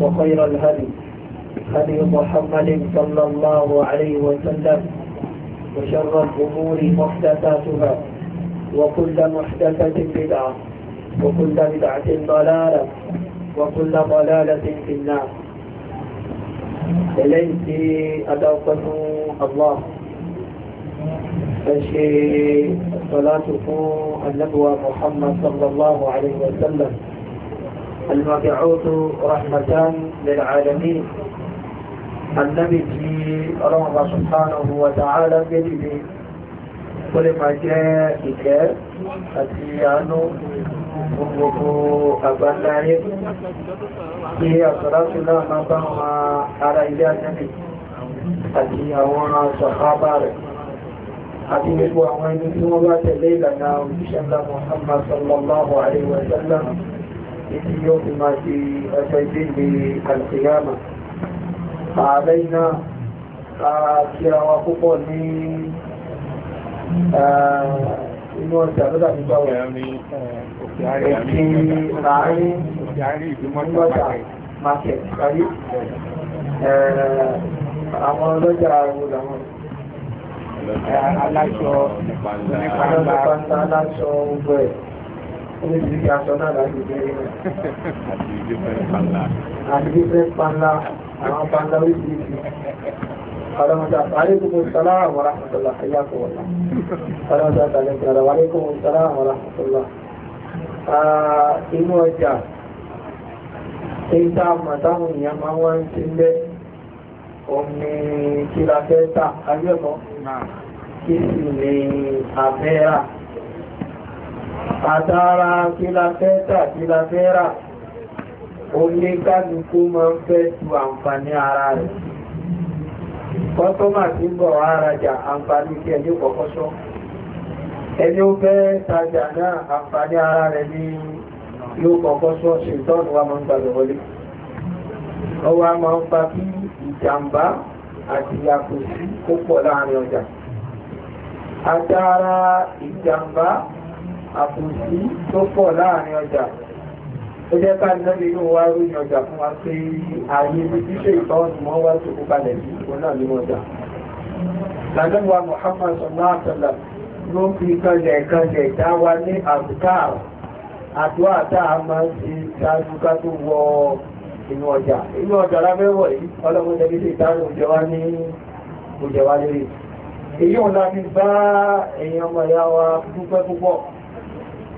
وخير الهدي هدي محمد صلى الله عليه وسلم وشر الأمور محدثاتها وكل محدثة بدعة وكل بدعة ضلالة وكل ضلالة في النار إليك أدوقه الله فشي الصلاة النبوة محمد صلى الله عليه وسلم المبعوث رحمة للعالمين النبي الله سبحانه وتعالى بيدي kólé máa jẹ́ ìkẹ́ àti àánú gbogbo àgbàláyé tí àtàràtù náà máa bá wọn ara ilé àjẹ́mì àti àwọn sàhábà rẹ̀ àti gbogbo àwọn ẹni tí wọ́n bá tẹ̀lé ìlànà òjíṣẹ́ Muhammad sallallahu alaihi wa sallam في يوم ما في أجل القيامة علينا kíra wa púpọ̀ ní inú ọ̀sẹ̀ àlọ́dà nígbà wọ̀ òkè láàrin nígbàtà market kárí àwọn ọlọ́jà àrùn àwọn aláṣọ nípa aláṣọ ogun ẹ̀ oríṣiríṣi aṣọ náà láti bẹ̀rẹ̀ rẹ̀. àti different panla. àti different panla àwọn panla oríṣiríṣi. Fàlọ́mọ̀tà àríkùmù sọ́lá àwọn rahmatullah ayáko wọ̀lá. Fàlọ́mọ̀tà àtàlẹ́gbẹ̀rẹ̀ àríkùmù sọ́lá àwọn rahmatullah. Inú ọjà, ìta àmàtàwọn èèyàn máa wá ń ti lẹ́ omi kí la fẹ́ tà, kí sì ni àfẹ́ àtàrà kílafẹ́ta kílafẹ́ra oníkàdùkú ma ń fẹ́ tu àǹfààní ara rẹ̀ kọ́tọ́mà tí ń bọ̀ arajà àǹfààní kí ẹni kọ̀kọ́ṣọ́ ẹni ó fẹ́ tajà náà àǹfààní ara rẹ̀ ní yóò kọ̀kọ́ṣọ́ ṣètọ́nù wa ma ń gbàgbọ́ wọlé ọwọ́ a máa ń fa kí ìjàmbá àti àkùnsí tó pọ̀ láàrin ọjà ó jẹ́ ká lọ́lẹ̀ inú wa ròyìn ọjà fún wa pé ààyè ibi tí ṣe ìtọ́wọ́sì mọ́ wá tó kó balẹ̀ sí ìkó náà ọjà lànàwà Muhammad sallallahu alaihi wasallam ló fi kanlẹ̀ kanlẹ̀ dá wa ní àbùká àdúrà tá a máa ń ṣe ṣáájú ká tó wọ inú ọjà inú ọjà lábẹ́wọ̀ yìí ọlọ́run jẹ́ kíkẹ́ ìdáhùn òjẹ́ wa ní òjẹ́ wa lórí èyí òun láti bá èèyàn ọmọ ìyá wa dúpẹ́ púpọ̀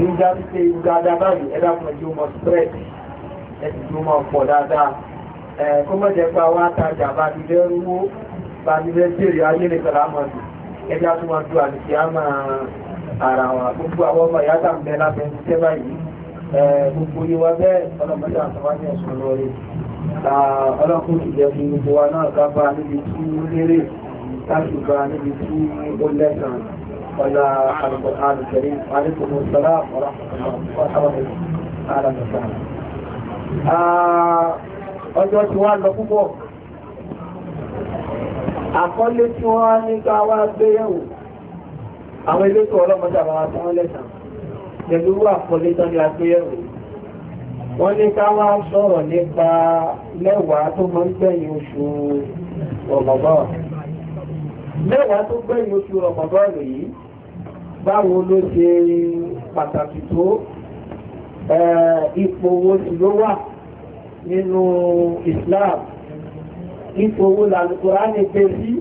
ìgbà wípé dáadáa báyìí ẹ̀dá fún ẹjú mọ̀ spread ẹjú mọ̀ pọ̀ dáadáa kó mọ̀ jẹ́ pa wá tajà bá ti fẹ́ rówó bá ti fẹ́ jèrè ayé lè sọ̀rọ̀ àmọ́ jù ẹ̀dá tó máa ju àdìsí á máa ara wa gbogbo àwọn ọmọ ìyá tàbí lábẹ́ tẹ́ báyìí gbogbo yíwa bẹ́ẹ̀ ọlọ́mọdé àtàwájú ẹ̀sùn lórí ọlọ́kùn ìjẹ́ fi gbogbo wa náà ká bá níbi tí ó lérè láti bá níbi tí ó lẹ́sàn-án وإلى القرآن الكريم وعليكم السلام ورحمة الله وبركاته أهلا وسهلا ọjọ́ tí wọ́n lọ púpọ̀ àkọlé tí wọ́n ní ká wá gbéyẹ̀wò àwọn elétò ọlọ́mọdé àbára tí wọ́n lẹ́sàn pẹ̀lú àkọlé tán ní agbéyẹ̀wò wọ́n ní ká wá sọ̀rọ̀ nípa mẹ́wàá tó mọ́ ń gbẹ̀yìn oṣù ọ̀gbọ̀gbọ̀ mẹ́wàá tó gbẹ̀yìn oṣù rọ̀mọ̀dọ́ọ̀nù yìí báwo ló ṣe pàtàkì tó ipò wo sì ló wà nínú Islam ipò wo làlùkùránì gbé sí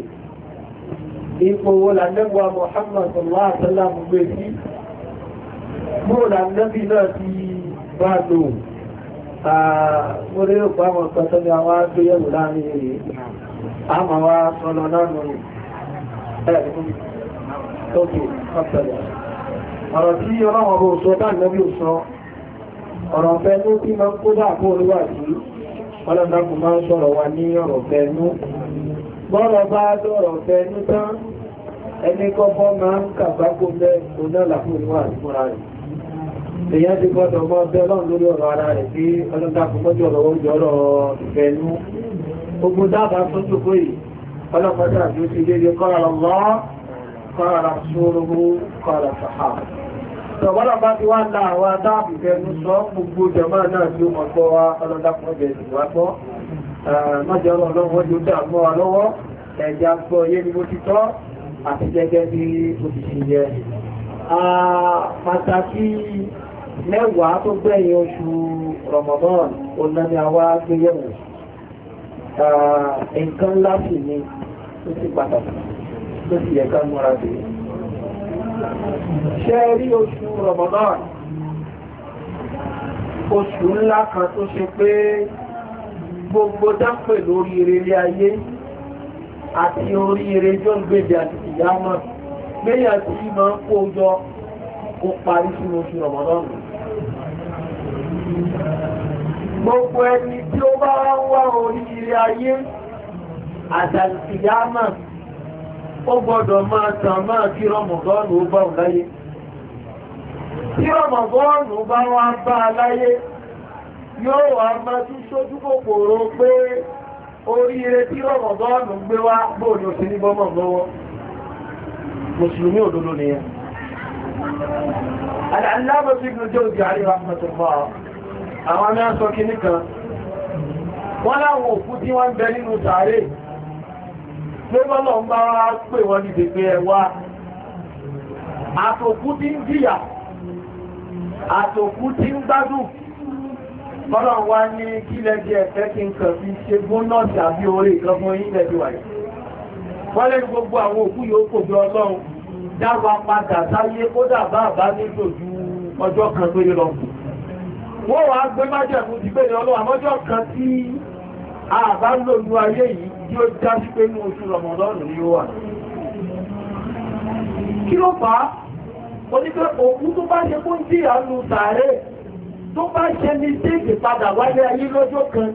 ipò wo làlẹ́gbà Muhammad sallallahu alaihi wasallam gbé sí bó làlẹ́bí náà ti bá lò mo rí òpá àwọn ọ̀pọ̀ tó ní àwọn agbéyẹ̀wò láàrin èyí àmàwà sọlọ náà nù ọ̀rọ̀ tí ọlọ́wọ̀n bó sọ bá nẹ́bí ò sọ ọ̀rọ̀ fẹ́nú tí ma ń kó dà kó orí wà sí ọlọ́dàkùn máa ń sọ̀rọ̀ wa ní ọ̀rọ̀ fẹ́nú bọ́rọ̀ bá lọ́rọ̀ fẹ́nú tán ẹni kọ́kọ́ máa ń kàbákó bẹ́ onálàkùn orí wà fúnra rẹ̀ èyàn ti gbọ́dọ̀ mọ́ bẹ́ lọ́n lórí ọ̀rọ̀ ara rẹ̀ pé ọlọ́dàkùn mọ́jọ́ ọ̀rọ̀ oúnjẹ ọ̀rọ̀ ìfẹ́nú ogun dábàá tó jókòó yìí ọlọ́pàá dàbí ó ti dédé qala Allah قال rasuluhu qala sahaba ọ̀pọ̀lọpá ti wá ta àwọn adáàbì fẹ́nu sọ gbogbo jẹmọ́ náà tí ó mọ̀ pọ́ wá ọlọ́dápọ̀jẹ̀ ìwápọ́ mọ́jọ́ ọlọ́wọ́ tí ó dàmọ́ wa lọ́wọ́ ẹ̀jẹ́ aṣọ yé ni mo ti tọ́ àti gẹ́gẹ́ bí ó ti ṣe tó ti pàtàkì tó ti yẹ ká múra dé ṣe rí oṣù Ramadan oṣù ńlá kan tó ṣe pé gbogbo dápè lórí eré ayé àti orí eré jọ gbèdè àti ìyámọ̀ gbéyà tí ma ń kó jọ kó parí sínú oṣù Ramadan gbogbo ẹni tí ó bá wá orí eré ayé àdàlùkìyàmà ó gbọ́dọ̀ máa tàn máa kí rọmọgọ́nù bá wọn láyé tí rọmọgọ́nù bá wá bá láyé yóò wá máa tún sójú kòkòrò pé oríire tí rọmọgọ́nù gbé wá bóòlù sí ní bọ́mọ̀ lọ́wọ́ Wọ́n láwọn òkú tí wọ́n ń bẹ nínú lọ́wọ́lọ́ ń bá wá pè wọ́n ní pèpè ẹwà àtòkú tí ń jìyà àtòkú tí ń gbádùn kọ́lọ̀ wá ní kílẹ̀ jẹ́ ẹ̀fẹ́ kí n kàn fi ṣe gbóná tàbí orí ìkọ́gbọ́n yí lẹ́bí wáyé wọ́n lẹ́nu gbogbo àwọn òkú yóò kò bí ọlọ́run dáwà padà sáyé kódà bàbá nílò ju ọjọ́ kan wá gbé májẹ̀mú ti pé ọlọ́run àmọ́jọ́ kan tí àbá lò ní ayé yìí tí ó já sí pé ní oṣù rọmọdọ́nù ni ó wà kí ló fà á o ní pé òkú tó bá ṣe kó ń jìyà lu sàárè tó bá ṣe ní déèkì padà wáyé ayé lọ́jọ́ kan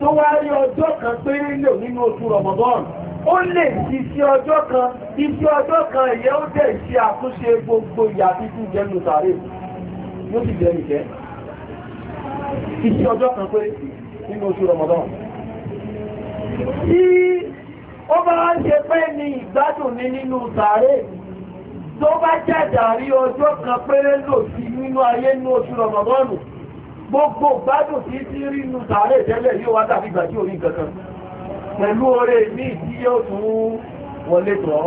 tó wá rí ọjọ́ kan péré lò nínú oṣù rọmọdọ́nù ó lè ti sí ọjọ́ kan ibi ọjọ́ kan ìyẹ́ ó dẹ̀ ṣe àtúnṣe gbogbo ìyà títún jẹnu sàárè yóò sì jẹ nìkẹ́ iṣẹ́ ọjọ́ kan péré nínú oṣù rọmọdọ́nù tí ó bá ṣe pé ní ìgbádùn mi nínú sàárè tó bá jàjàrí ọjọ́ kan péré lò sí nínú ayé ní oṣù rọmọbọ́nù gbogbo gbádùn tí tí rí nínú sàárè tẹ́lẹ̀ yóò wá dàbí ìgbà tí ò rí kankan pẹ̀lú oore ní ìdí yóò tún wọlé tọ́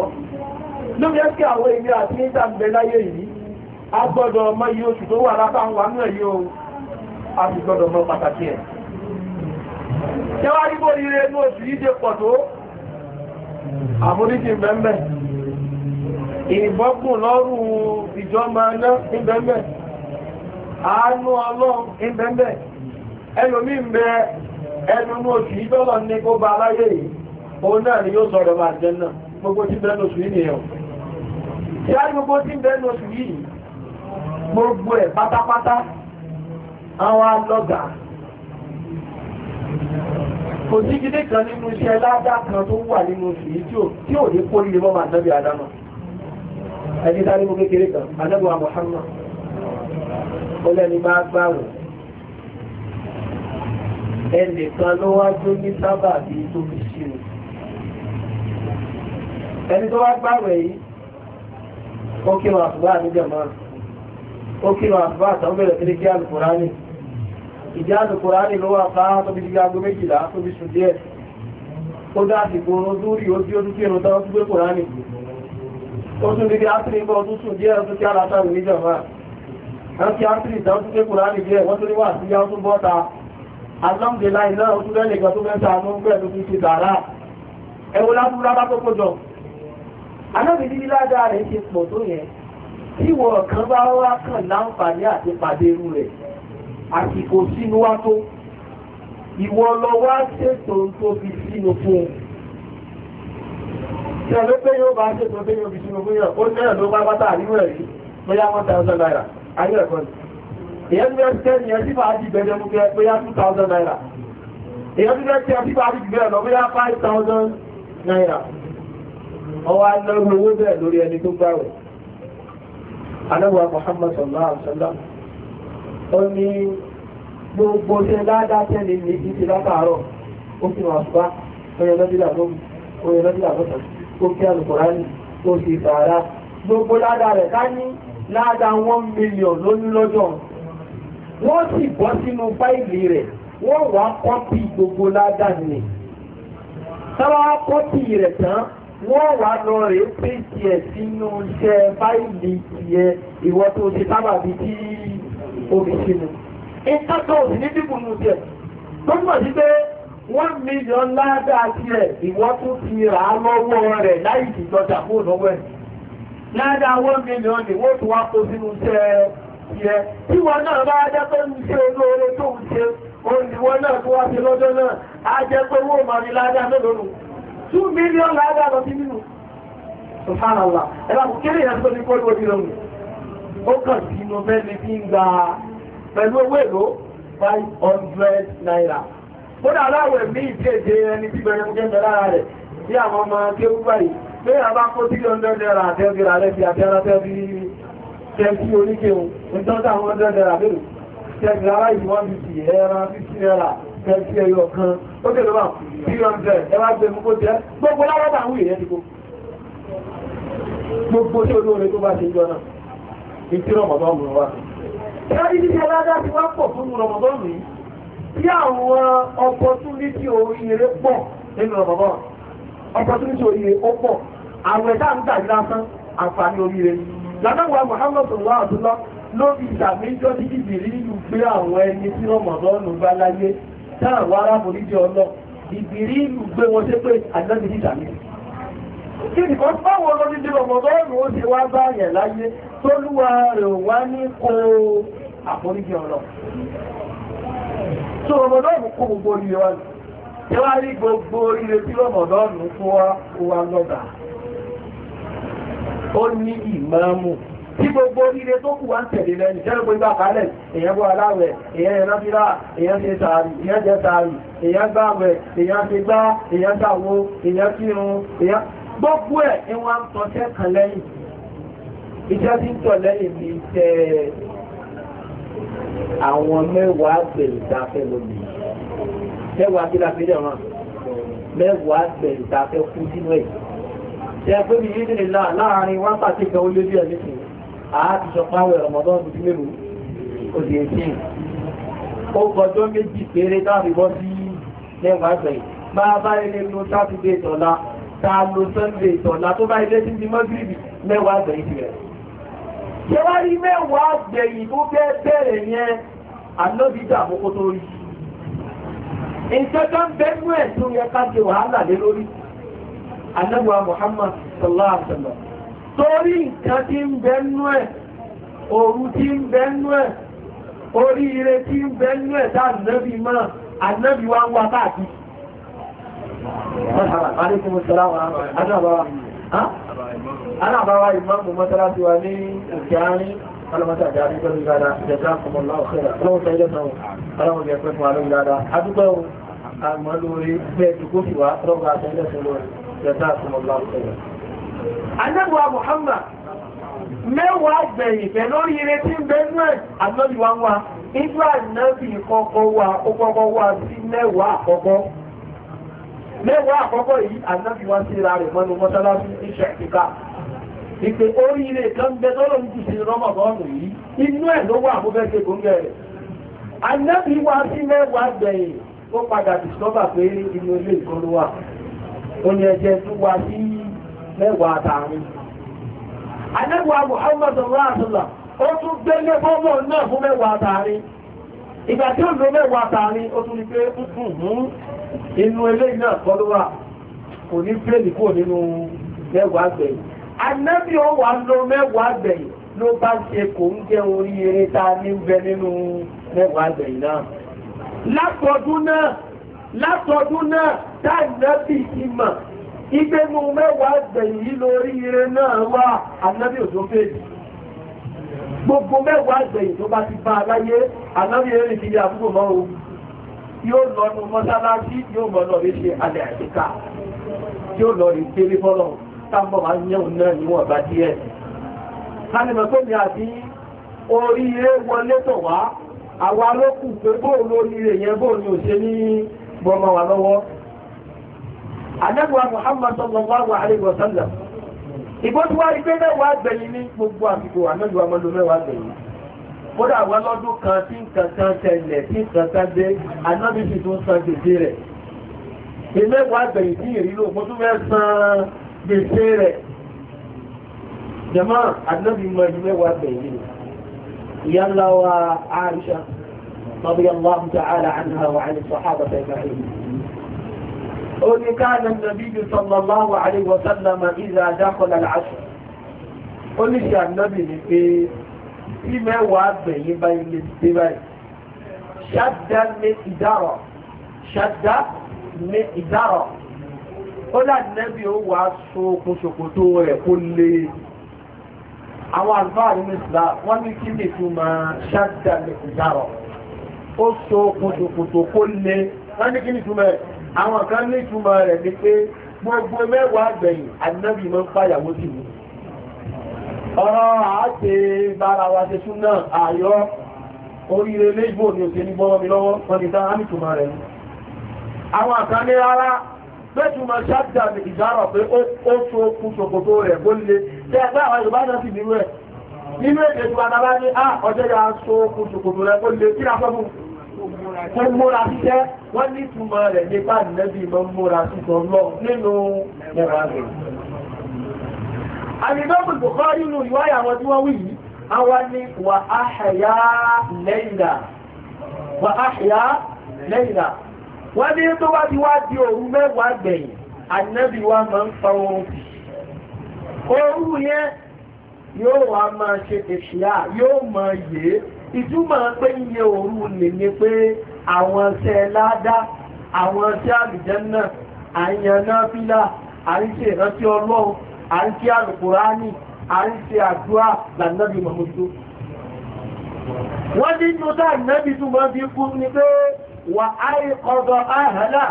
ló yẹ kí àwọn èmi àti ìtàǹbẹ̀ láyé yìí a gbọ́dọ̀ mọ iye oṣù tó wà lápá wọn náà yóò a sì gbọ́dọ̀ mọ pàtàkì ẹ̀ tẹ́wàrí bó rí osu ní oṣù yíde pọ̀ tó àforíjì bẹ́ẹ̀mẹ́ ìbọ́gùn lọ́rù ìjọba aná ìbẹ́ẹ̀mẹ́ àánú ọlọ́run ìbẹ́ẹ̀mẹ́ ẹlòmí ń bẹ ẹnu ní oṣù ìjọlọ gbogbo a gbogbo patapata bẹ́ẹ̀ lóṣù kò sí gidé kan nínú iṣẹ́ ládá kan tó wà nínú oṣù yìí tí ò ní kó líle mọ́ máa nábì àdámà ẹni tá nínú kékeré kan anábì wa Muhammad ó lẹ́ni máa gbààwẹ̀ ẹnìkan ló wá tó ní sábà bí tó fi ṣe ẹni tó wá gbààwẹ̀ yìí ó kírun àfúrá níjàmá ó kírun àfúrá àtàwọn bẹ̀rẹ̀ kiri kí alùpùrá ìjáàdù kòránì ló wà sáà tó bí i aago méjìlá tó bí sùn díẹ̀ ó dáàtì gbòòrò lórí ó tí ó tún kírun tán gbé kòránì ó tún dídí átìrì ń bọ́ ọdún sùn díẹ̀ ó tún kí alátàrí níjọba wọ́n kí átìrì tán tún gbé kòránì díẹ̀ wọ́n tún ní wà sí yá ó tún bọ́ta alhamdulillah náà ó tún lẹ́nìkan tó mẹ́ta ló ń pẹ̀lú fi ṣe tààrà ẹwọ lábúrú lábá tó kójọ anábì níbi ládàá rẹ̀ ṣe pọ̀ tó yẹn tí wọ̀ kan bá wá kàn láǹfààní àti pàdé irú rẹ̀ àsìkò sínú wá tó ìwọ lọ wá ṣètò tó fi sínú fún un tí ọ̀lọ́ pé yóò bá ṣètò pé yóò fi sínú fún yàn ó náà ló bá bátà àríwọ̀ rí bóyá one thousand naira ayé ẹ̀kọ́ ni èyàn ti fẹ́ tẹ́ ìyẹn tí bá di bẹ̀rẹ̀ mú kẹ́ bóyá two thousand naira èyàn ti fẹ́ tẹ́ tí bá di bẹ̀rẹ̀ lọ bóyá five thousand naira ọwọ́ anáwó owó bẹ́ẹ̀ lórí ẹni tó gbáwẹ̀ anáwó Muhammad sallallahu alaihi wasallam ọmọ gbogbo ṣe dáadáa tẹ́lẹ̀ ní ìdíje látàárọ̀ ó fi wà ṣùgbá oyin lọ́dílà lọ́sàn ó kí alùkùránì ó sì sàárá gbogbo ládàá rẹ̀ ká ní ládàá one million lónú lọ́jọ́ wọ́n sì bọ́ sínú fáìlì rẹ̀ wọ́n wá kọ́pì gbogbo ládàá nì sábà kọ́pì rẹ̀ tán wọ́n wá lọ rèé pèsè ẹ̀ sínú iṣẹ́ fáìlì tiẹ̀ ìwọ tó ṣe sábàbí tí omi sínú ìtọ́tọ́ òsì ní dìbò nù tó mọ̀ sí pé one million ládàá tiẹ̀ ìwọ́ tún ti rà á lọ́wọ́ rẹ̀ láì ìjọjà fún one million ni wọ́n tún wá kó sínú iṣẹ́ tiẹ̀ tí wọn náà bá pé ń ṣe olóore tó ń ṣe olùwọ́ náà tó wá sí lọ́jọ́ náà two million lọ sí nínú. ó kàn sínú mẹ́ni tí ń gba pẹ̀lú owó èlò five hundred naira kódà aláwẹ̀ mí ìdíje ẹni tí bẹ̀rẹ̀ mú kẹ́kẹ́ lára rẹ̀ bí àwọn ọmọ kéwú báyìí pé àbá kó three hundred naira àtẹ́gbẹ̀rẹ̀ rẹ̀ fi àtẹ́rẹ́ fi tẹ́tí oníkéhùn nítorí àwọn hundred naira bẹ̀rẹ̀ tẹ́gbẹ̀ ara yìí wọ́n fi ti ẹran fifty naira tẹ́tí ẹyọ kan ó dé lọ́wọ́ three hundred ẹwà gbé mú kó jẹ́ gbogbo láwọ́ bá ń wù ìrẹ́ ti kó gbogbo tí olóore tó bá ṣe jọ náà kí tí rọmọdọ́nù wá sí. ṣé ibi tí aládá ti wá pọ̀ fún rọmọdọ́nù yìí tí àwọn ọpọtúnítì oríire pọ̀ nínú rọmọdọ́nù ọpọtúnítì oríire ó pọ̀ àwẹ̀ tá ń gbà lásán àǹfààní oríire Muhammad ló fi sí pé àwọn ẹni tí láyé ọlọ́ kí nìkan báwo lọ ní dìrọ̀ mọ̀ bọ́ọ̀lù ó ti wá bá yẹ̀ láyé tó lúwa rẹ̀ wá ní kó àforíjì ọ̀rọ̀ tó rọmọdọ́ọ̀nù kó gbogbo oríire wá ní tí wá rí gbogbo oríire tí rọmọdọ́ọ̀nù fún wa lọ́gà ó ní ìmáàmù tí gbogbo oríire tó kù wá ń tẹ̀lé lẹ́nu jẹ́rù pé gbàkálẹ̀ èyàn bọ́ aláwẹ̀ èyàn ẹ̀rọ bíra èyàn ṣe sàárì èyàn jẹ sàárì èyàn gbàwẹ̀ èyàn ṣe gbá èyàn ṣàwo èyàn kírun èyàn gbogbo ẹ̀ ni wọ́n ń tọ́jẹ́ kan lẹ́yìn iṣẹ́ tí ń tọ̀ lẹ́yìn ní iṣẹ́ àwọn mẹ́wàá gbèrè ìdáfẹ́ lómi mẹ́wàá kí la fi dẹ̀ wọn mẹ́wàá gbèrè ìdáfẹ́ kú sínú ẹ̀ ṣe pé mi yíyí nílá láàárín wákàtí kan ó lé bí ẹ̀mí sìn àáti sọ páwẹ̀ ọmọdún ọdún mélòó ó di èsì ó kọjọ́ méjì péré táàbí bọ́ sí mẹ́wàá gbèrè bá bá ilé nu sátidé tọ́lá ta lo sunday tọ̀la tó bá ilé títí mọ́gìrìbì mẹ́wàá gbẹ̀yìn tirẹ̀. ṣé wá rí mẹ́wàá gbẹ̀yìn tó fẹ́ bẹ̀rẹ̀ yẹn àlọ́bìdà àkókò tó rí. ìjọba ń bẹ́nu ẹ̀ tó yẹ ká ṣe wàhálà lé lórí. anábùwà Muhammad sallallahu alaihi wa sallam torí nǹkan tí ń bẹ́nu ẹ̀ òru tí ń bẹ́nu ẹ̀ oríire tí ń bẹ́nu ẹ̀ tá ànábì máa ànábì wá ń wá káàkiri. Àríkùn Mùsùlùmí, Alábàwà ìmọ̀mù mọ́tàlá ti wà ní òkè àárín, alamọ́ta àjá àríkọ́ ní ìgbàdá, jẹta kọmọlá òkèrè, ọlọ́wọ́ta ilẹ̀ náà, aláwọ̀ jẹ́ pẹ́ fún àríkùn ìgbàdá. Adúgbẹ́ ohun, àmọ́ lórí bẹ́ẹ̀ tukú sí wá, ọlọ́wọ́ àti ilẹ̀ sí Muhammad, mẹ́wàá gbẹ̀yìn pẹ̀ lórí ire tí ń bẹ nú ẹ̀ ànọ́bì wa wá, nígbà náà fi kọ́kọ́ wá, ó kọ́kọ́ mẹ́wàá àkọ́kọ́ yìí ànábì wá sí ra rẹ̀ mọ́nu mọ́sálásí iṣẹ́ ìkà ìpè oríire kan bẹ tọ́lọ̀ ń jùsí rọ́mọ̀bọ́ọ̀nù yìí inú ẹ̀ ló wà àbúfẹ́ ṣe góńgẹ́ rẹ̀ ànábì wá sí mẹ́wàá gbẹ̀yìn ó padà dìsọ́bà pé inú ilé ìkan ló wà ó ní ẹjẹ́ tó wá sí mẹ́wàá àtàrin ànábì Muhammadu ó ìgbà tí ó lò mẹ́wàá tààrin ó tún ní pé inú ilé náà kọ́ ló wà kò ní bẹ́ẹ̀lì kò nínú mẹ́wàá gbẹ̀yìn anábì ó wà lò mẹ́wàá gbẹ̀yìn ló bá ṣe kò ń jẹ orí eré ta ní bẹ nínú mẹ́wàá gbẹ̀yìn náà látọdún náà látọdún náà táìnábì ti mọ̀ ìgbénu mẹ́wàá gbẹ̀yìn lórí eré náà wà anábì ò tó fèèdì gbogbo mẹ́wàá ìgbẹ̀yìn tó bá ti bá aláyé aláwí eré kiri àbúgbò mọ́ o yóò lọ nu mọ́sálásí yóò mọ́ lọ rí ṣe alẹ́ àṣíká yóò lọ rí kéré fọ́lọ̀ táàbọ̀ máa ń yẹun náà níwọ̀n bá díẹ̀ kálìmọ̀ tó ní àti orí eré wọlé tọ̀ wá àwa ló kù pé bóun lórí rẹ̀ yẹn bóun ni ò ní bọ́mọ wa lọ́wọ́ ìbótú wá ipé mẹ́wàá gbẹ̀yìn ní gbogbo àsìkò àmẹ́lú ọmọdé mẹ́wàá gbẹ̀yìn kódà wọn lọ́dún kan tí nǹkan kan tẹ̀lẹ̀ tí nǹkan kan dé anábìsì tó ń san gbèsè rẹ̀ ìmẹ́wàá gbẹ̀yìn tí ìrìlò mo tún fẹ́ san gbèsè rẹ̀ jẹ́mọ́ anábì mọ ìmẹ́wàá gbẹ̀yìn ìyá ńlá wa Aisha radiyallahu ta'ala anha wa 'an as-sahaba قل كان النبي صلى الله عليه وسلم إذا دخل العشر قل يا النبي في إما وابه بين الدبي شد المئدرة شد المئدرة قل النبي هو السوق شكتور كل àwọn àlùfáà nínú ìsìlá wọ́n ní kí lè tún máa ṣáàdà lè kùdárọ̀ ó so kùtùkùtù kó lè wọ́n ní kí lè tún mẹ́rin àwọn kan ní ìtumọ̀ rẹ̀ ni pé gbogbo mẹ́wàá gbẹ̀yìn ànábì mọ́ fàyàwó sí mi ọ̀rọ̀ àti bára wa ṣe tún náà àyọ́ oríire léìbò ní òṣè ní mi lọ́wọ́ wọ́n ti dára ní ìtumọ̀ rẹ̀ àwọn kan ní rárá pẹ́tùmọ̀ ṣáàdà ní ìjárọ̀ pé ó tó kú ṣòkòtò rẹ̀ bó lè tẹ́ ẹgbẹ́ àwọn Yorùbá náà sì nínú ẹ̀ nínú èdè tí wọn tó múra síṣẹ́ wọ́n ní túnmọ̀ rẹ̀ nípa nẹ́bí mọ́ múra síṣọ́ lọ nínú mẹ́wàá rẹ̀. àlìbọ́bù Bukhari nínú ìwáyà wọn tí wọ́n wí yìí àwa ni wà ní tó wá ti wá di òru mẹ́wàá gbẹ̀yìn ànẹ́bí wa máa ń fa oorun sí òru yẹn yóò wá máa ṣe èṣìyà yóò máa yé ìtumọ̀ pé iye òru lè ní pé àwọn ṣẹ́ ládá àwọn ṣẹ́ àlùjànnà àyànná fílà àríṣẹ́ ìrántí ọlọ́run àríṣẹ́ àlùkùránì àríṣẹ́ àdúrà lànàbí mọ̀mọ́tò wọ́n ní tó dá ìnábi tó máa fi kú ní pé wà áìkọ̀dọ̀ áhàlá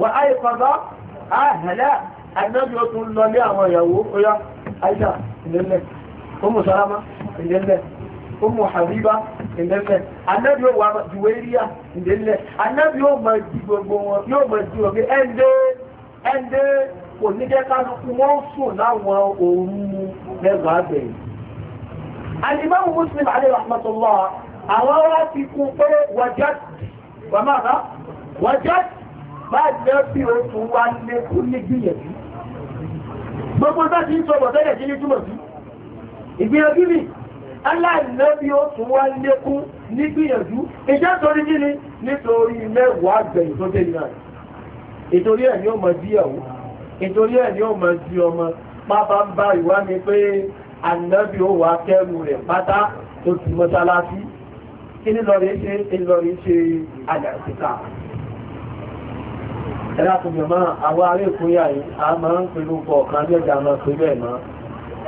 wà áìkọ̀dọ̀ ó tún lọ lé àwọn ìyàwó ó yá àìsà ìlẹ́lẹ̀ umu habiba ìdẹ́lẹ̀ anábì yóò wà juwéríà ìdẹ́lẹ̀ anábì yóò mọ̀ di gbogbo wọn yóò mọ̀ di òbí ẹ̀ndé ẹ̀ndé kò ní jẹ́ kálukú wọ́n sùn láwọn òru mẹ́wàá bẹ̀rẹ̀ alimami muslim alayhi rahmatullah àwọn wá ti kún pé wàjá wàmára wàjá bá jẹ́ bí o tún wá lékún ní gbìyànjú gbogbo bá ti ń sọ bọ̀ tẹ́lẹ̀ sí ní túmọ̀ sí ìgbìyànjú mi aláìlẹ́bí ó tún wá lékún ní gbìyànjú ìjẹ́ torí kí ni nítorí mẹ́wàá gbẹ̀yìn tó dé náà ìtorí ẹ̀ ni ó mọ̀ sí ẹ̀wọ̀ ìtorí ẹ̀ ni ó mọ̀ sí ọmọ pápá ń bá ìwá mi pé ànábì ó wà kẹ́rù rẹ̀ pátá tó ti mọ́sálásí kí ni lọ rí ṣe ìlọ rí ṣe àjàṣìkà ẹ̀rọ àkùnjọ̀mọ́ àwọn ará èkó yà yìí a máa ń pinnu kọ̀ọ̀kan lẹ́jà máa pé bẹ́ẹ̀ náà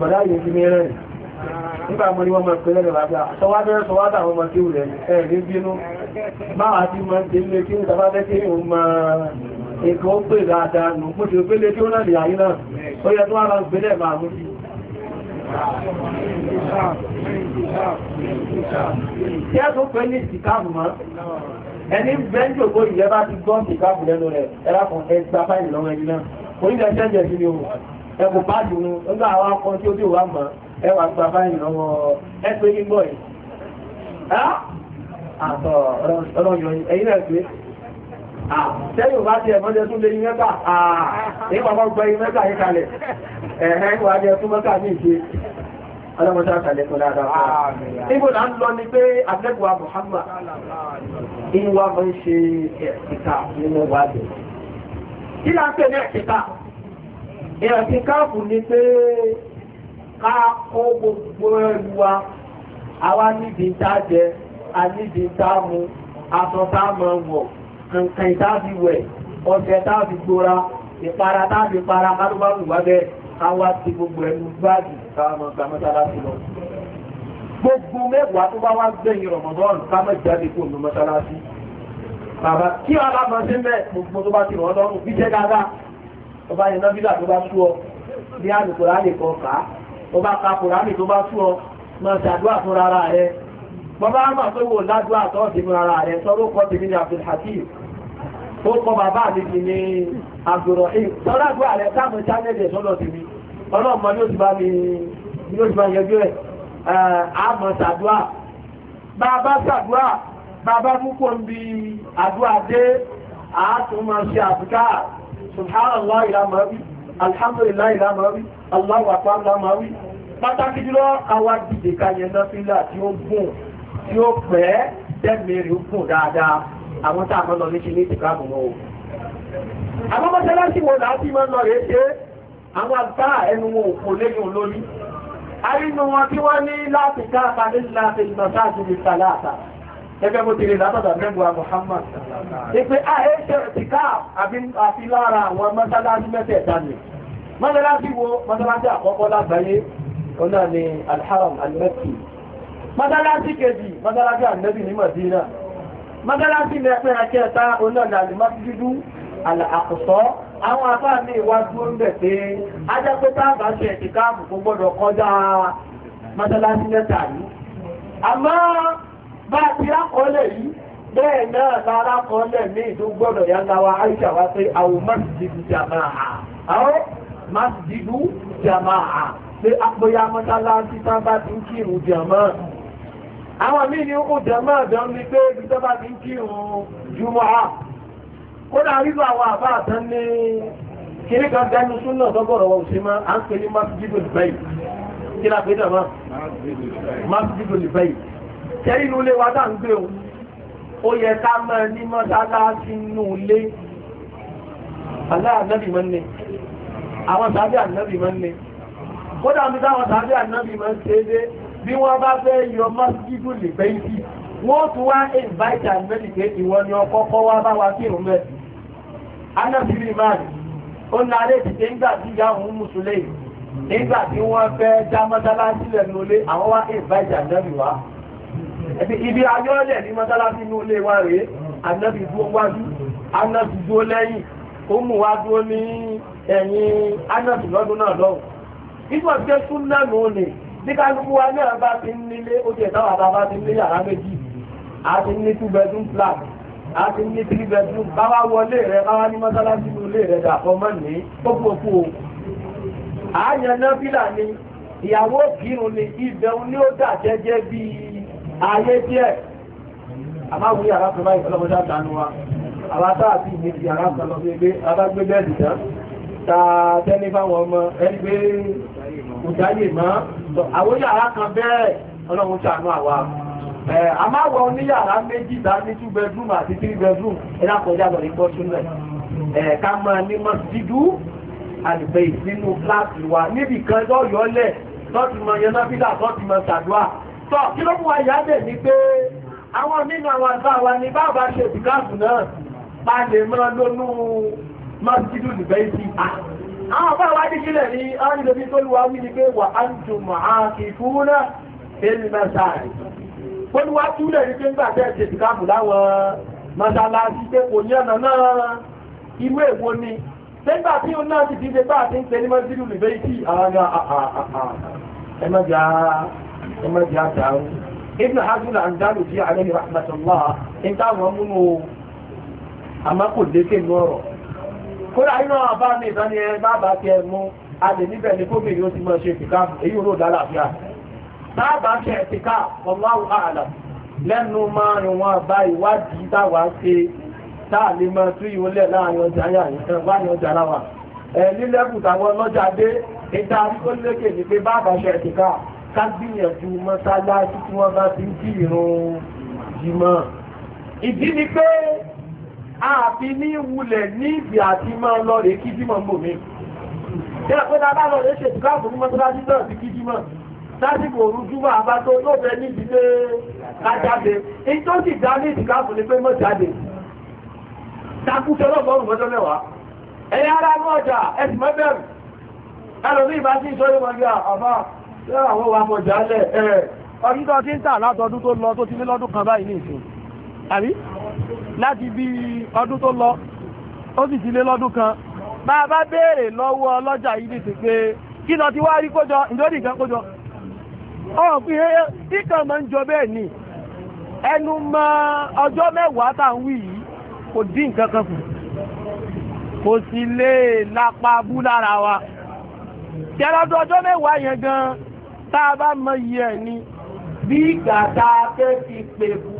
bàdá yìí ti mẹ́rẹ̀ nígbà mọ́ ní wọ́n mọ̀ pẹ̀lẹ̀ rẹ̀ bàbá sọwádẹ́ sọwádà àwọn ọmọ tí ó rẹ̀ ẹ̀rí bínú máa ti mọ́ tí lè kí ní tàbátẹ́ kí ní ma ẹ̀kọ́ pè dáadáa nù kú ti ó pẹ́lẹ̀ tí ó náà lè ayé náà ó yẹ tó ara ń pẹ́lẹ̀ máa mú Tí a ẹni bẹ́ńjò kó ìyẹ́ bá ti gbọ́n sí káàkù lẹ́nu rẹ̀ ẹlákùn ẹgbà fáìlì lọ́wọ́ ẹni náà onílẹ̀ ṣẹ́jẹ̀ sí ni o ẹkù páàdì nu nígbà àwọn akọ tí ó bí wà mọ́ ẹwà gba fáìlì lọ́wọ́ ẹgbẹ́ gbígbọ́ yìí àtọ̀ ọ̀rọ̀ yọ̀yìn ẹ̀yìn náà pé sẹ́yìn bá ti ẹ̀mọ́jẹ tún lé ní mẹ́ta àà ní pàpọ̀ gbọ́ ọlọ́mọdé àtàlẹ́kùn dáadáa níbo là ń lọ ni pé àtẹ́kùnwà Muhammad ìwà mọ́ ń ṣe ẹ̀kìta nínú wájú kí là ń pè ní ẹ̀kìta ẹ̀kìkáàfù ni pé ká kó gbogbo ẹrù wa àwa níbi tá jẹ aníbi tá mu aṣọ tá mọ̀ wọ̀ kankan tá fi wẹ̀ ọ̀sẹ̀ tá fi gbóra ìpara tá fi para kálúbárù wá bẹ́ẹ̀ àwa ti gbogbo ẹnu báàgì káwọn ọgbà mọ́sálásí lọ gbogbo mẹ́wàá tó bá wá gbẹ̀yìn Ramadan káwọn jáde kó nu mọ́sálásí bàbá kí alámọ sí mẹ́ gbogbo tó bá ti rọ̀ lọ́rùn bí jẹ́ dáadáa ọba yẹn náà bíbà tó bá sú ọ ní àlùkò láàlè kan kà á ọba ka kùránì tó bá sú ọ máa ṣàdúrà fún rárá rẹ bàbá àmà pé wò ládùúà tó ti ó kọ bàbá mi ti ní àgbòrò ìlú tọ́lá àgbò ààrẹ táwọn chánẹ́dẹ̀ sọ́dọ̀ ti mi ọlọ́mọ ni ó ti bá mi ni ó ti bá yẹjú ẹ̀ àmọ́ sàdúà bàbá sàdúà bàbá púpọ̀ ń bi àdúà dé àátùmọ̀ sí àbúkà subhanallah ìlàmọ̀rí alhamdulillah ìlàmọ̀rí allahu akbar ìlàmọ̀rí pàtàkì jùlọ àwọn àdìdè kan yẹn náà fílà tí ó gùn tí ó pẹ́ tẹ́mẹ̀rẹ̀ ó gùn dáadáa àwọn tá a mọ́ lọ ní ṣe ní ìtìkáàbù mọ́ o àwọn mọ́sálásí wo láti mọ́ lọ rẹ̀ ṣe àwọn àgbà ẹnu wọn ò kò lẹ́yìn lórí arínú wọn tí wọ́n ní láti káàkà ní láti ìgbàsáàjú ní sàlàtà gẹ́gẹ́ bó ti rí látọ̀dọ̀ mẹ́bùwà Muhammad ìpé àẹ́ṣẹ́ ah, ìtìká àfi lára àwọn mọ́sálásí mẹ́tẹ̀ẹ̀ta ni mọ́sálásí wo mọ́sálásí àkọ́kọ́ lágbàáyé ọ̀nà ni alharam al-Makki mọ́sálásí kejì mọ́sálásí mọ́sálásí lẹ́pẹ́ akẹ́ta onáàdàlì mọ́sídúdú àkùsọ́ àwọn afá ní ìwájú ń bẹ̀ pé ajápótá àbáṣẹ ìtìkáàbù kò gbọ́dọ̀ kọjá mọ́sálásí lẹ́ta yìí àmọ́ bá ti rákọọ́lẹ̀ yìí bẹ́ẹ̀ náà lára kọọ́lẹ̀ ní ìdó gbọ́dọ̀ yága wa aisha wá pé àwọn mọ́sídúdú jàmáà àwọn mọ́sídúdú jàmáà pé àpòyá mọ́sálásí sábà ti ń kírun jàmáà àwọn míì ní ó jẹmọ́ ọ̀dọ́ ní pé ibi tó bá ti ń kí òun jùmọ̀ á kódà rírọ àwọn àbá àtàn ní kiri kan dánú súnà sọ́gọ̀rọ̀ wọn sí máa à ń pè ní masjidu libayi kí la pè dàmá masjidu libayi tẹ́rí inú ilé wa dá ń gbé òun ó yẹ ká máa ní mọ́ bí wọ́n bá fẹ́ yọ mọ́sídù lè fẹ́ sí wọ́n tún wá invite and medicate ìwọ ni ọkọ̀ kọ́ wá bá wa kí òun bẹ̀. anábìrì ìmáàlì ó narí ètìté nígbà tí ìyá òun mùsùlùmí nígbà tí wọ́n wá invite ànábì wá. ibi ayọ́lẹ̀ ní mọ́sálásí inú olé wa rèé ànábì dúró wájú ànábì dúró lẹ́yìn ó mú wá dúró ní ẹ̀yìn ànábì lọ́dún náà lọ́wọ́. nígbà tí ó tún bí kálukú wa náà bá ti ń nílé ó jẹ́ táwọn àbábá ti ń ní yàrá méjì a ti ní two bedroom flat a ti ní three bedroom báwa wọlé rẹ báwa ní mọ́sálásí ní ilé rẹ dàpọ̀ mọ́ ní pópópó o àyàn náà fílà ni ìyàwó kírun ni ibẹ̀ ni ó dà jẹ́jẹ́ bí ayé díẹ̀ àmáwú yàrá kan báyìí ọlọ́mọdé àtànú wa àwátá àti ìgbèjì yàrá kan lọ gbé abágbé bẹ́ẹ̀dì tán tàà tẹ́lé fáwọn ọmọ ẹgbẹ́ òjáyè máa àwọn yàrá kan bẹ́ẹ̀ ọlọ́run ṣàánú àwa a máa wọ oníyàrá méjì dá ní two bedroom àti three bedroom ẹ̀dá kọjá lọ ní bọ́súnlẹ̀ ká máa ní mọ́sídú àlùbẹ̀ ìsinú fúláàtì wa níbi kan lọ́yọ́lẹ̀ tọ́tì mọ yẹnàbílà tọ́tì mọ sàdúà tọ́ kí ló mú wa yá dẹ̀ ni pé àwọn nínú àwọn àgbà wa ni báwa ṣe ìdíkàfù náà pa lè mọ́ lónú mọ́sídú àlùbẹ̀ ìsinú Màlìkílẹ̀ ni a ń lè bí tó lùwà wí ni pé wà á ń tún màá kì í fún náà fẹ́lì mẹ́sàárì. Olúwa túlẹ̀ ní pé ń gbàtẹ́ ṣe ìkáàbù láwọn mọ́sálásí pé kò ní ọ̀nà ti. irú èwo ni. Nígbà ti Ibn Hazm al-Andalusi alayhi rahmatullah kódà inú àwọn bá ní ìdání ẹ bá bá ti ẹnu a lè níbẹ̀ ní kóbìnrin ó ti mọ̀ ṣe tìká èyí ò ló dá láàfíà tá a bá ṣe tìká Allahu a'lam lẹ́nu máa rìn wọn bá ìwádìí táwa ṣe tá a lè mọ tú ìwọ lẹ̀ láàrin ọjà yà wáyé ọjà láwà ẹ nílẹ̀kùn táwọn ọlọ́jà dé ìta ó ní pé bá bá ṣe tìká ká gbìyànjú mọ́sálásí tí wọ́n bá ti ń kí ìrun ìdí ni pé àfi ní wulẹ̀ ní ìdí àti máa lọ rẹ̀ kí jímọ̀ ń bò mí. Ṣé ẹ̀kọ́ ta bá lọ rẹ̀ ṣètò káàbù ní mọ́tòláṣí náà sí kí jímọ̀? Lásìkò òru júmọ̀ àbá tó yóò bẹ níbi pé kájáde. Èyí tó sì dá ní ìdíkàbù ni pé mọ̀ jáde. Takúṣe ọlọ́gbọ́n mọ́jọ́ mẹ́wàá. Ẹ̀yà ara mọ́ ọjà ẹ̀sìn mọ́ bẹ̀rù. Ẹlòmí ìbá sí ìṣòro wọn bí àbá ṣé àwọn wa mọ̀ jálẹ̀ ẹ̀. Ọdún tó ti ń tà láti bí ọdún tó lọ ó sì ti lọ́dún kan bá bá béèrè lọ́wọ́ ọlọ́jà yìí nìtì pé kí lọ ti wá rí kójọ ìjọ́dì ìkan kójọ ọ̀hún fi hẹ́ kíkan máa ń jọ bẹ́ẹ̀ ni ẹnu mọ ọjọ́ mẹ́wàá tà ń wí yìí kò dín nǹkan kan kù kò sì lè lápa bú lára wa tí ọjọ́ mẹ́wàá yẹn gan tá a bá mọ iye ẹ̀ ni bí ìgbà tá a fẹ́ fi pè fún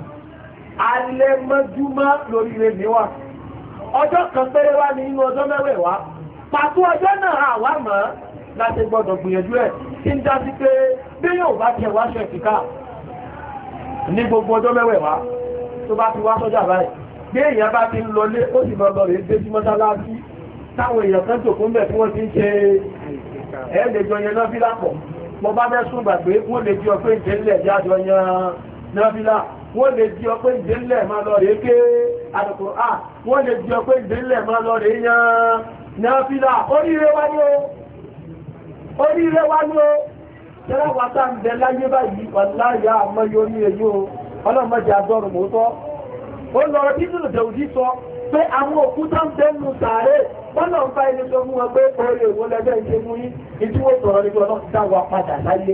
alẹ́ mọ́júmọ́ lórí rẹ̀ níwà ọjọ́ kan péré wá ní inú ọjọ́ mẹ́wẹ̀ wá pàtó ọjọ́ náà àwá mọ́ láti gbọ́dọ̀ gbìyànjú ẹ̀ tí ń dá sí pé bí yóò bá jẹ wá ṣe ìfìkà ní gbogbo ọjọ́ mẹ́wẹ̀ wá tó bá fi wá sọ́jà báyìí bí èèyàn bá ti ń lọlé ó sì máa lọ rèé déjú mọ́sálásí táwọn èèyàn kan jòkó ń bẹ̀ tí wọ́n lè jí ọpẹ́ ìdínlẹ̀ máa lọ rèé ké àdùkùn à wọ́n lè jí ọpẹ́ ìdínlẹ̀ máa lọ rèé yan náfílà oríire wá ní o oríire wá ní o tẹ́lá wa tá ń bẹ láyé báyìí ọ̀láyà àmọ́ yóò ní èyí o ọlọ́mọdé agbọ́rùn mò ń tọ́ ó lọ bí nínú sọ pé àwọn òkúta ń bẹ nù sàárè bọ́lá ń bá ẹni sọ fún wọn pé oore ìwọlẹ́gbẹ́ ìṣe mú yín ìdíwọ́ sọ̀rọ̀ nígbà náà padà láyé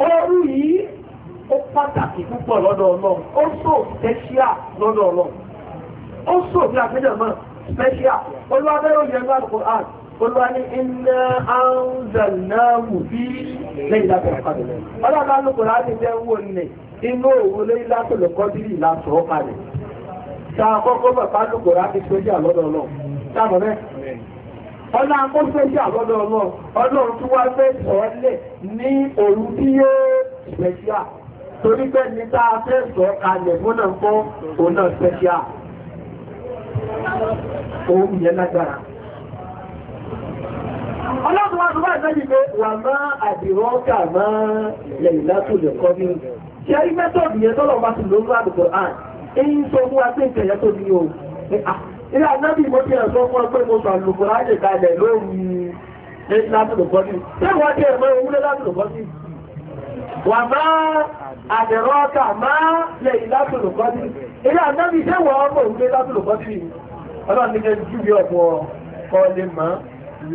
ooru yìí ó pàtàkì púpọ̀ lọ́dọ̀ ọlọ́run ó sọ special lọ́dọ̀ ọlọ́run ó sọ bí àpéjọ náà special olúwàbẹ́rẹ́ òye ẹgbẹ́ àlùkò art olúwa ní iná anzalnahu fi lẹ́yìn látọ̀lọ́ kalẹ̀ ọlọ́run àlùkò láti jẹ́ wò ní inú òwò lẹ́yìn látọ̀lọ́ kọ́dírì látọ̀ kalẹ̀ tá a kọ́kọ́ bàbá àlùkò láti sójà lọ́dọ̀ ọlọ́run tá a mọ̀ ọlá akọ́sẹ́jì àbọ́dọ̀ ọmọ ọlọ́run tí wá fẹ́ sọ́ọ́lẹ̀ ní òru tí torí pé ní tá a fẹ́ sọ kalẹ̀ fúnà fún òun náà spẹ́ṣíà òun yẹn lágbára ọlọ́run wá sọ́wọ́ ìfẹ́ yìí pé wà má àdìrọ́kà má lẹ́yìn látòlẹ̀ kọ́ ilé anábì mo ti ẹ̀sọ́ fún ọ pé mo sọ àlùkùrá lè kalẹ̀ lórí látìlùkọ́sí tí wọ́n jẹ́ ẹ̀mọ́ ìwúlé látìlùkọ́sí wà máa àdẹ̀rọ́ọ̀kà máa lè látìlùkọ́sí ilé anábì tí wọ́n mọ̀ ìwúlé látìlùkọ́sí ọlọ́nìkẹ́ júbí ọ̀pọ̀ kọlẹ̀ máa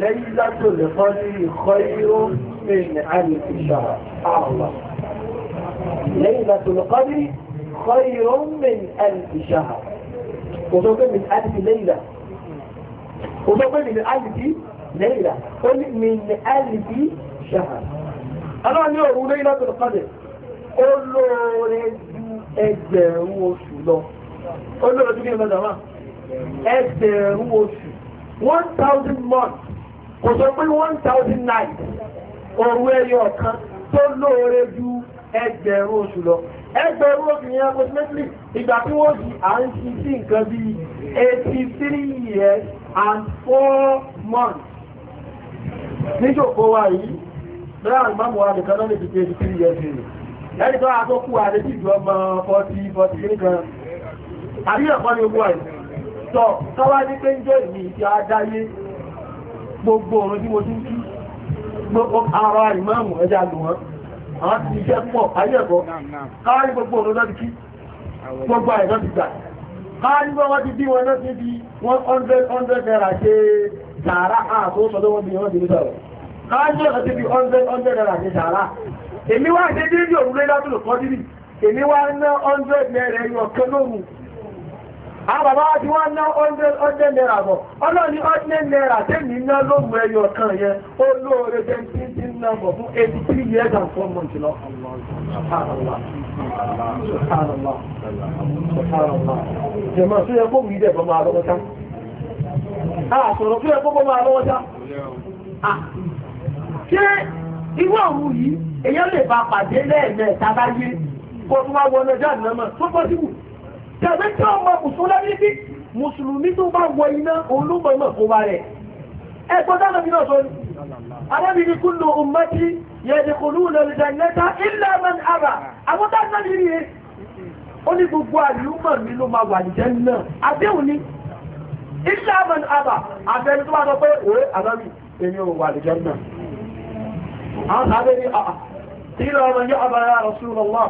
lẹ́yìn látìlùkọ́sí ìkọ́ ìró mẹ́rin àìsíṣà àwọ̀ lẹ́yìn látìlùkọ́sí ìkọ́ ìró mẹ́rin àìsíṣà àwọ̀ kò sọ pé miss aditi lẹ́yìnlá kò sọ pé miss aditi lẹ́yìnlá ó ní miss aditi ṣaha aláwọ̀ ní òru lẹ́yìn láti lọ kọ́dẹ̀ ó lóore ju ẹgbẹ̀rún oṣù lọ ó lóore ju kí ni ẹgbẹ̀rún oṣù one thousand months kò pé one thousand nights òru ẹyọ kan tó lóore ju ẹgbẹ̀rún oṣù lọ ẹgbẹ̀rún obìnrin approximately ìgbà tí wọ́n di à ń ṣi sí nǹkan bí 83 years and 4 months níjòkó wa yìí brown mamu wa nìkan lọ́nà ti pé 83 years ago lẹ́yìn tó a tó kú wa létí ju ọmọ 40 40 nìkan àríyàn kan ní ogun àyè tọ́ káwá ní pé ń jọ ìmì tí a dáyé gbogbo òrùn tí mo ti ń kí gbogbo ara ìmáàmù ẹja lò wọ́n àwọn ti iṣẹ́ pọ̀ ayé ẹ̀kọ́ káàrí gbogbo ọ̀rọ̀ láti kí gbogbo àìsàn ti gbà káàrí bọ́ wọ́n ti bí wọn náà ti di 100 naira ṣe tààrà ààbò sọ́dọ̀ wọn bí wọ́n ti rí sọ̀rọ̀ káàrí bọ́ ti bí 100 naira ṣe tààrà èmi wá ṣe dé ní òrùlé látòlù kọ́ dìbì èmi wá ná 100 naira ẹ̀yọ̀ kan lóhùn ha bàbá ti wọ́n ná ọdẹ́ náírà bọ̀ ọlọ́ni ọdẹ́ náírà tẹ́mì ná lóòmù ẹyọ kan yẹn ó lóore tẹ́ntí tí ń 83 years and 4 months lọ tó yẹ kó bọ́ máa àṣọ̀rọ̀ tó yẹ kó bọ́ máa ṣé irú àwọn yìí lè bá pàdé lẹ́ẹ̀mẹ́ta báyé kó tẹ̀wé tí ọmọ mùsùlùmí bí mùsùlùmí tó bá wọ iná olúmọ̀ọ́mọ̀ kó bá rẹ̀ ẹgbọ́n dáná bí náà sọ ni arábìnrin kúlò ummati yadkhuluna al-jannata illa man aba àwọn dáná bí rí ó ní gbogbo àlùmọ̀ mi ló máa wà níjẹ́ náà àdéhùn ni illa man aba àbẹ̀ni tó bá sọ pé òwe àbámi èmi ò wà níjẹ́ náà àwọn sábẹ́ ni àà ah, tí ah, ìlọ ọmọ yóò abara Rasulullah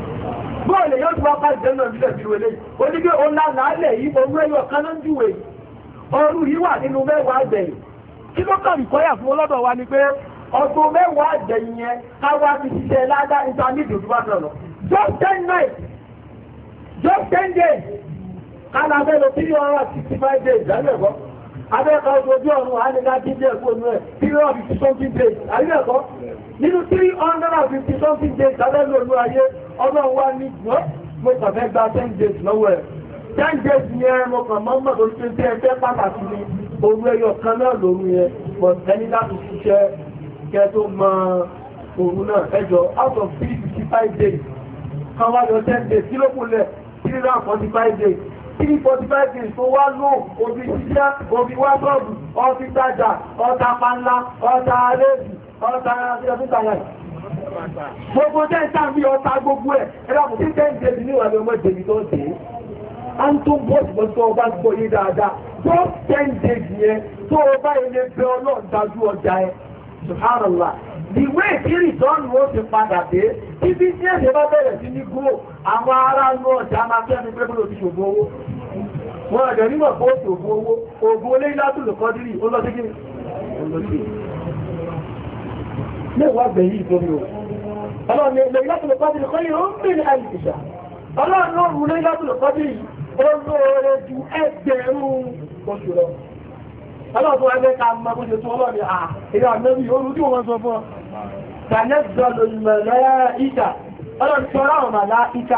bọ́ọ̀lù yóò tún wá bá ìjẹ́ náà nílẹ̀ bí wẹlé o ní pé ọlá làálẹ̀ yìí orú ẹ̀yọ̀ kan ló ń júwe ọrú yìí wà nínú mẹ́wàá àgbẹ̀yìn fún ọlọ́dọ̀ wa ni pé ọdún mẹ́wàá àgbẹ̀yìn yẹn káwá fi ṣiṣẹ́ ládá náà just ten just ten days sixty abẹ́ẹ̀kọ́ ojú ọ̀run àádẹ́ká jíjẹ́ ẹ̀kọ́ ní ẹ̀ 350 something days àríkẹ́ẹ̀kọ́ nínú 350 something days abẹ́lú olú ayé ọlọ́run wá ní gbọ́n mo kàfẹ́ gba 10 days lọ́wọ́ ẹ̀ 10 days ní ẹ mo kàn mọ́ mọ́ torí pé ẹgbẹ́ pàtàkì ni orú ẹyọ kan náà lóru yẹn but ẹni láti ṣiṣẹ́ kẹ tó mọ òru náà ẹjọ́ out of 355 days kan wáyọ 10 days kí ló kù lẹ̀ 345 days three forty five days tó wá lò òbí ṣíṣá òbí wákọ̀ọ̀bù ọtí tajà ọta panla ọta arẹ́bì ọta ẹ̀fúntàyà gbogbo tẹ́ǹtà bí ọta gbogbo ẹ̀ ẹ̀rọ kò sí tẹ́ǹtà ẹ̀bì ní ìwàlẹ̀ ọmọ ìdèmí tó dé a ń tó bọ́ ṣùgbọ́n tó ọba gbọ́ yé dáadáa tó tẹ́ǹtà ẹ̀bì yẹn tó ọba ilé bẹ́ ọlọ́ọ̀dájú subhanallah ìwé ìkírí ìtọ́nù ó ti padà dé tí bí tí ẹ̀ṣẹ̀ bá bẹ̀rẹ̀ sí ní gúrò àwọn ará inú ọjà máa fẹ́ mi pé bó ló ti ṣògbó owó wọn ọ̀dọ̀ nímọ̀ pé ó ṣògbó owó oògùn olé látùn lè kọ́dírì ó lọ sí kí mẹ́wàá gbẹ̀yìn ìtomi o ọlọ́run lè ọlọ́pọ̀ ẹgbẹ́ ká mọ bó ṣe tó ọlọ́ ni àìyá àmẹ́bí orú tí wọ́n sọ fún ọ. tànẹ́sọ̀lù